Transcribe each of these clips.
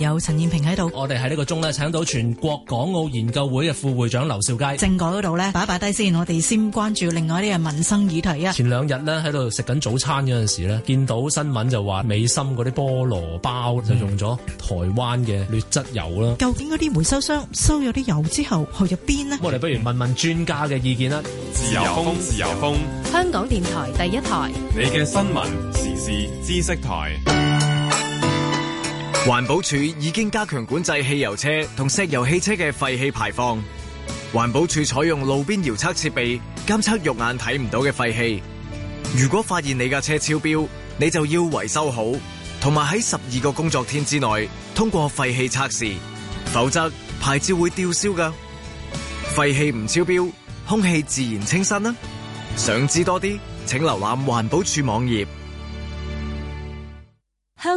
有陳燕平喺度，我哋喺呢個鐘咧，請到全國港澳研究會嘅副會長劉兆佳。政改嗰度咧擺擺擺低先，我哋先關注另外一啲嘅民生議題啊。前兩日咧喺度食緊早餐嗰陣時咧，見到新聞就話美心嗰啲菠蘿包就用咗台灣嘅劣質油啦，嗯。究竟嗰啲回收商收咗啲油之後去咗邊呢？我哋不如問問專家嘅意見啦。自由風，自由風，香港電台第一台，你嘅新聞時事知識台。環保署已經加強管制汽油車同石油汽車嘅廢氣排放。環保署採用路邊遙測設備監測肉眼睇唔到嘅廢氣。如果發現你架車超標，你就要維修好，同埋喺十二個工作天之內通過廢氣測試，否則牌照會吊銷噶。廢氣唔超標，空氣自然清新啦。想知多啲，請瀏覽環保署網頁。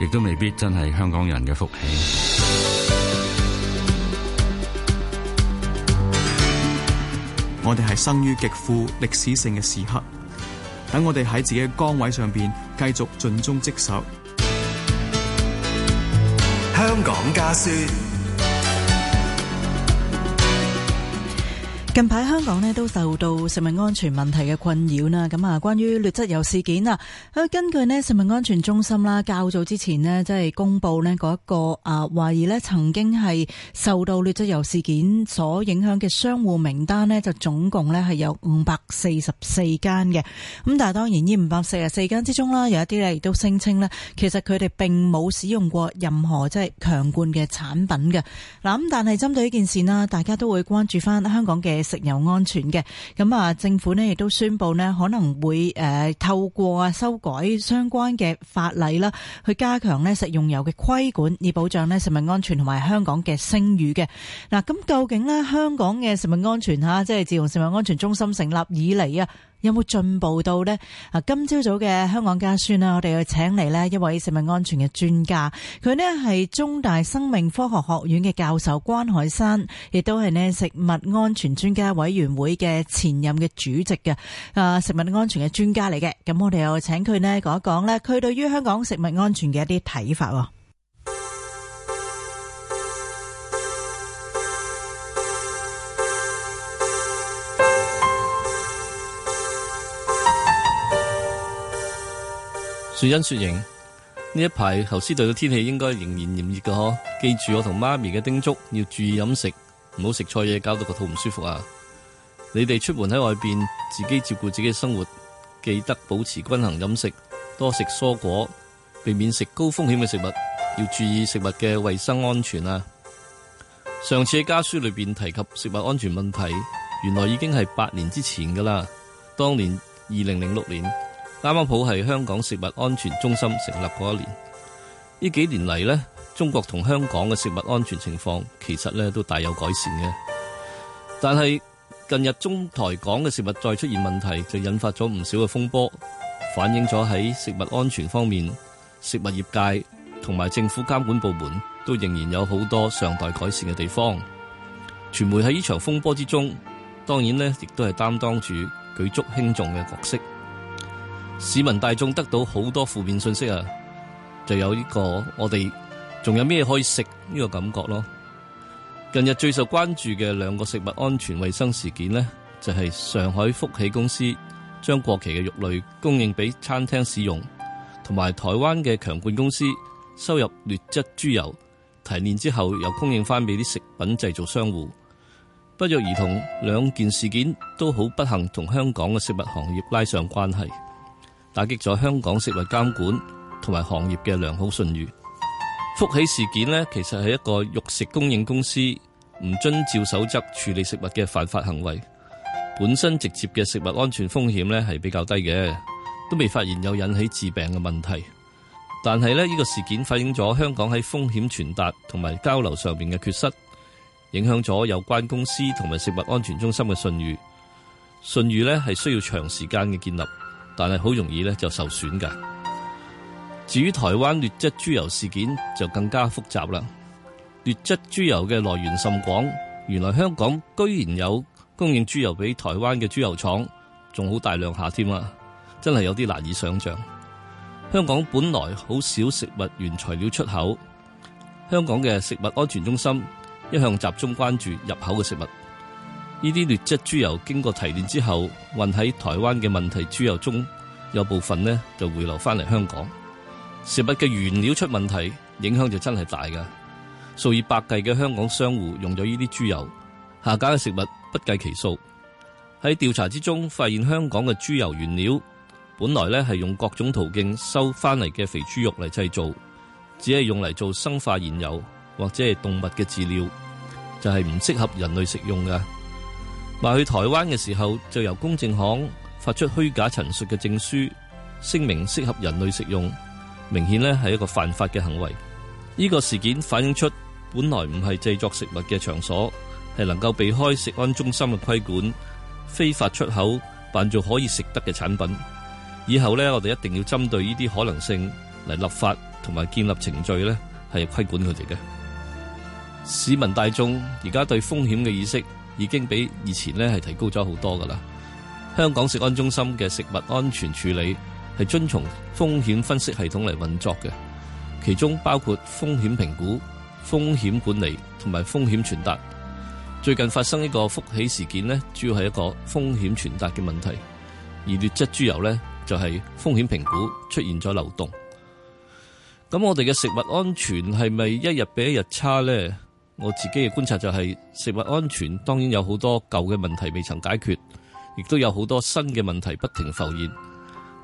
亦都未必真係香港人嘅福氣。我哋係生於極富歷史性嘅時刻，等我哋喺自己嘅崗位上邊繼續盡忠職守。香港家書。近排香港呢都受到食物安全問題嘅困擾啦，咁啊關於劣質油事件啊，根據呢食物安全中心啦，較早之前呢，即係公布呢嗰一個啊懷疑呢曾經係受到劣質油事件所影響嘅商戶名單呢，就總共呢係有五百四十四間嘅。咁但係當然呢五百四十四間之中啦，有一啲咧亦都聲稱呢其實佢哋並冇使用過任何即係強冠嘅產品嘅。嗱，咁但係針對呢件事啦，大家都會關注翻香港嘅。食油安全嘅，咁啊，政府呢亦都宣布呢可能會誒透過啊修改相關嘅法例啦，去加強呢食用油嘅規管，以保障呢食物安全同埋香港嘅聲譽嘅。嗱，咁究竟呢，香港嘅食物安全吓，即係自從食物安全中心成立以嚟啊，有冇進步到呢？啊，今朝早嘅香港家酸啦，我哋又請嚟一位食物安全嘅專家，佢呢係中大生命科學學院嘅教授關海山，亦都係食物安全專家委員會嘅前任嘅主席嘅，啊，食物安全嘅專家嚟嘅。咁我哋又請佢呢講一講呢，佢對於香港食物安全嘅一啲睇法。雪欣、雪瑩，呢一排候斯頓嘅天氣應該仍然炎熱嘅嗬，記住我同媽咪嘅叮囑，要注意飲食，唔好食錯嘢，搞到個肚唔舒服啊！你哋出門喺外邊，自己照顧自己嘅生活，記得保持均衡飲食，多食蔬果，避免食高風險嘅食物，要注意食物嘅衛生安全啊！上次喺家書裏邊提及食物安全問題，原來已經係八年之前噶啦，當年二零零六年。啱啱好係香港食物安全中心成立嗰一年，呢幾年嚟呢，中國同香港嘅食物安全情況其實呢都大有改善嘅。但係近日中台港嘅食物再出現問題，就引發咗唔少嘅風波，反映咗喺食物安全方面，食物業界同埋政府監管部門都仍然有好多尚待改善嘅地方。傳媒喺呢場風波之中，當然呢亦都係擔當住舉足輕重嘅角色。市民大眾得到好多負面信息啊，就有呢個我哋仲有咩可以食呢個感覺咯。近日最受關注嘅兩個食物安全衛生事件呢，就係上海福喜公司將過期嘅肉類供應俾餐廳使用，同埋台灣嘅強冠公司收入劣質豬油提煉之後，又供應翻俾啲食品製造商戶。不約而同，兩件事件都好不幸，同香港嘅食物行業拉上關係。打擊咗香港食物監管同埋行業嘅良好信譽。福喜事件呢，其實係一個肉食供應公司唔遵照守則處理食物嘅犯法行為，本身直接嘅食物安全風險呢係比較低嘅，都未發現有引起致病嘅問題。但係呢，呢個事件反映咗香港喺風險傳達同埋交流上面嘅缺失，影響咗有關公司同埋食物安全中心嘅信譽。信譽呢係需要長時間嘅建立。但係好容易咧就受損噶。至於台灣劣質豬油事件就更加複雜啦。劣質豬油嘅來源甚廣，原來香港居然有供應豬油俾台灣嘅豬油廠，仲好大量下添啊！真係有啲難以想象。香港本來好少食物原材料出口，香港嘅食物安全中心一向集中關注入口嘅食物。呢啲劣質豬油經過提煉之後，混喺台灣嘅問題豬油中，有部分呢，就回流翻嚟香港。食物嘅原料出問題，影響就真係大噶。數以百計嘅香港商戶用咗呢啲豬油，下架嘅食物不計其數。喺調查之中，發現香港嘅豬油原料本來呢係用各種途徑收翻嚟嘅肥豬肉嚟製造，只係用嚟做生化燃油或者係動物嘅飼料，就係唔適合人類食用噶。賣去台灣嘅時候，就由公證行發出虛假陳述嘅證書，聲明適合人類食用，明顯呢係一個犯法嘅行為。呢個事件反映出本來唔係製作食物嘅場所，係能夠避開食安中心嘅規管，非法出口，扮做可以食得嘅產品。以後呢，我哋一定要針對呢啲可能性嚟立法，同埋建立程序呢係規管佢哋嘅。市民大眾而家對風險嘅意識，已經比以前咧係提高咗好多噶啦。香港食安中心嘅食物安全處理係遵從風險分析系統嚟運作嘅，其中包括風險評估、風險管理同埋風險傳達。最近發生一個福喜事件，主要係一個風險傳達嘅問題，而劣質豬油就係風險評估出現咗漏洞。咁我哋嘅食物安全係咪一日比一日差呢？我自己嘅觀察就係食物安全，當然有好多舊嘅問題未曾解決，亦都有好多新嘅問題不停浮現。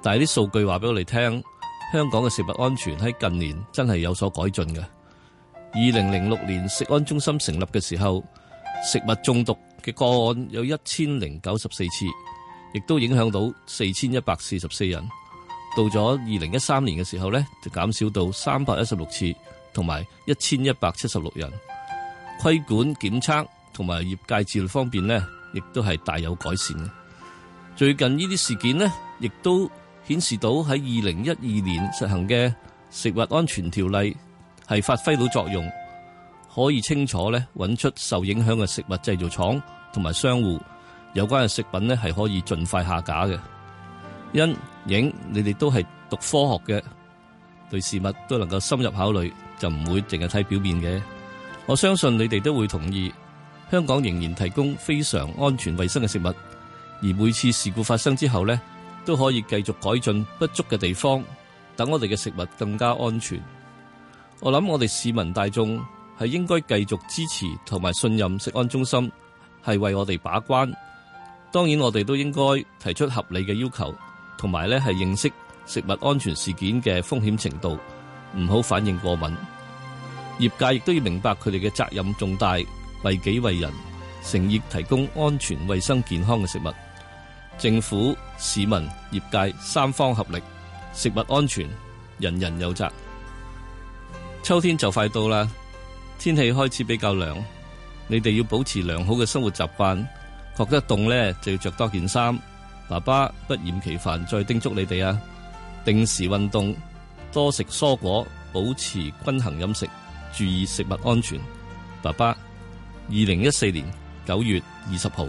但係啲數據話俾我哋聽，香港嘅食物安全喺近年真係有所改進嘅。二零零六年食安中心成立嘅時候，食物中毒嘅個案有一千零九十四次，亦都影響到四千一百四十四人。到咗二零一三年嘅時候呢，就減少到三百一十六次，同埋一千一百七十六人。規管檢測同埋業界自律方面呢，亦都係大有改善嘅。最近呢啲事件呢，亦都顯示到喺二零一二年實行嘅食物安全條例係發揮到作用，可以清楚呢揾出受影響嘅食物製造廠同埋商戶有關嘅食品呢，係可以盡快下架嘅。因應你哋都係讀科學嘅，對事物都能夠深入考慮，就唔會淨係睇表面嘅。我相信你哋都會同意，香港仍然提供非常安全衛生嘅食物。而每次事故發生之後咧，都可以繼續改進不足嘅地方，等我哋嘅食物更加安全。我諗我哋市民大眾係應該繼續支持同埋信任食安中心，係為我哋把關。當然，我哋都應該提出合理嘅要求，同埋咧係認識食物安全事件嘅風險程度，唔好反應過敏。業界亦都要明白佢哋嘅責任重大，為己為人，誠意提供安全、衛生、健康嘅食物。政府、市民、業界三方合力，食物安全人人有責。秋天就快到啦，天氣開始比較涼，你哋要保持良好嘅生活習慣。覺得凍呢，就要着多件衫。爸爸不厭其煩再叮囑你哋啊，定時運動，多食蔬果，保持均衡飲食。注意食物安全，爸爸。二零一四年九月二十號。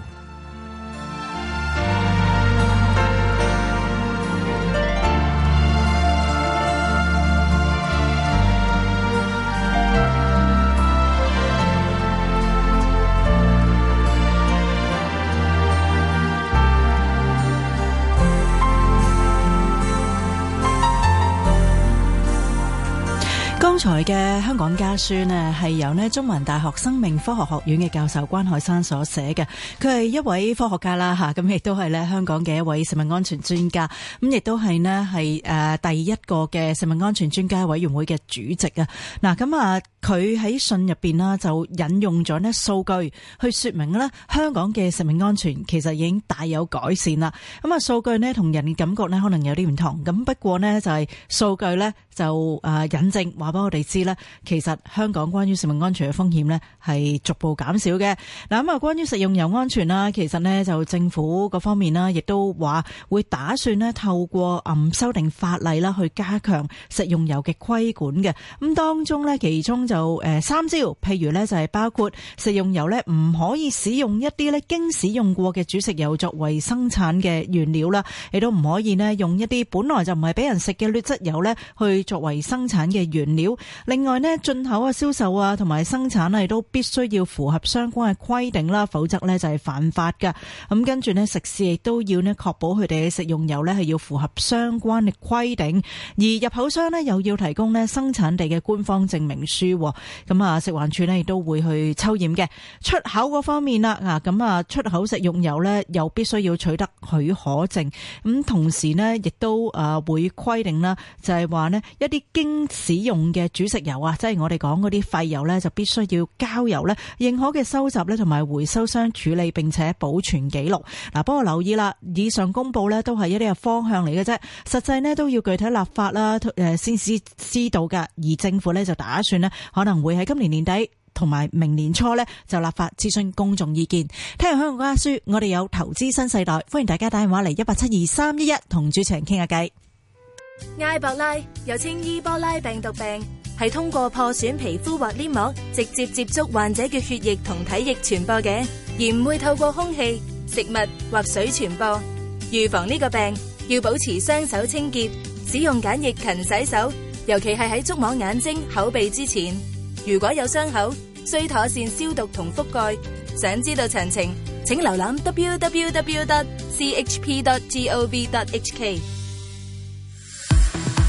剛才嘅香港家書咧，係由咧中文大學生命科學學院嘅教授關海山所寫嘅。佢係一位科學家啦，吓，咁亦都係咧香港嘅一位食物安全專家，咁亦都係咧係誒第一個嘅食物安全專家委員會嘅主席啊。嗱，咁啊，佢喺信入邊啦，就引用咗咧數據去說明咧香港嘅食物安全其實已經大有改善啦。咁啊，數據咧同人嘅感覺咧可能有啲唔同，咁不過咧就係數據咧就誒引證話我哋知咧，其實香港關於食物安全嘅風險呢，係逐步減少嘅。嗱，咁啊，關於食用油安全啦，其實呢，就政府各方面啦，亦都話會打算呢透過誒修訂法例啦，去加強食用油嘅規管嘅。咁當中呢，其中就誒三招，譬如呢，就係包括食用油呢，唔可以使用一啲呢經使用過嘅主食油作為生產嘅原料啦，亦都唔可以呢，用一啲本來就唔係俾人食嘅劣質油呢，去作為生產嘅原料。另外呢，進口嘅銷售啊，同埋生產亦都必須要符合相關嘅規定啦，否則呢，就係犯法㗎。咁跟住呢，食肆亦都要呢確保佢哋嘅食用油呢，係要符合相關嘅規定，而入口商呢，又要提供呢生產地嘅官方證明書。咁啊，食環署呢，亦都會去抽驗嘅。出口嗰方面啦，啊咁啊，出口食用油呢，又必須要取得許可證。咁同時呢，亦都啊會規定啦，就係話呢一啲經使用嘅。煮食油啊，即係我哋講嗰啲廢油呢，就必須要交由呢，認可嘅收集呢，同埋回收箱處理，並且保存記錄。嗱，幫我留意啦，以上公布呢都係一啲嘅方向嚟嘅啫，實際呢都要具體立法啦，誒，先知知道噶。而政府呢，就打算呢可能會喺今年年底同埋明年初呢，就立法諮詢公眾意見。聽日香港家書，我哋有投資新世代，歡迎大家打電話嚟一八七二三一一同主持人傾下偈。埃博拉又稱伊波拉病毒病，係通過破損皮膚或黏膜直接接觸患者嘅血液同體液傳播嘅，而唔會透過空氣、食物或水傳播。預防呢個病，要保持雙手清潔，使用梘液勤洗手，尤其係喺觸摸眼睛、口鼻之前。如果有傷口，需妥善消毒同覆蓋。想知道詳情，請瀏覽 www.chp.gov.hk。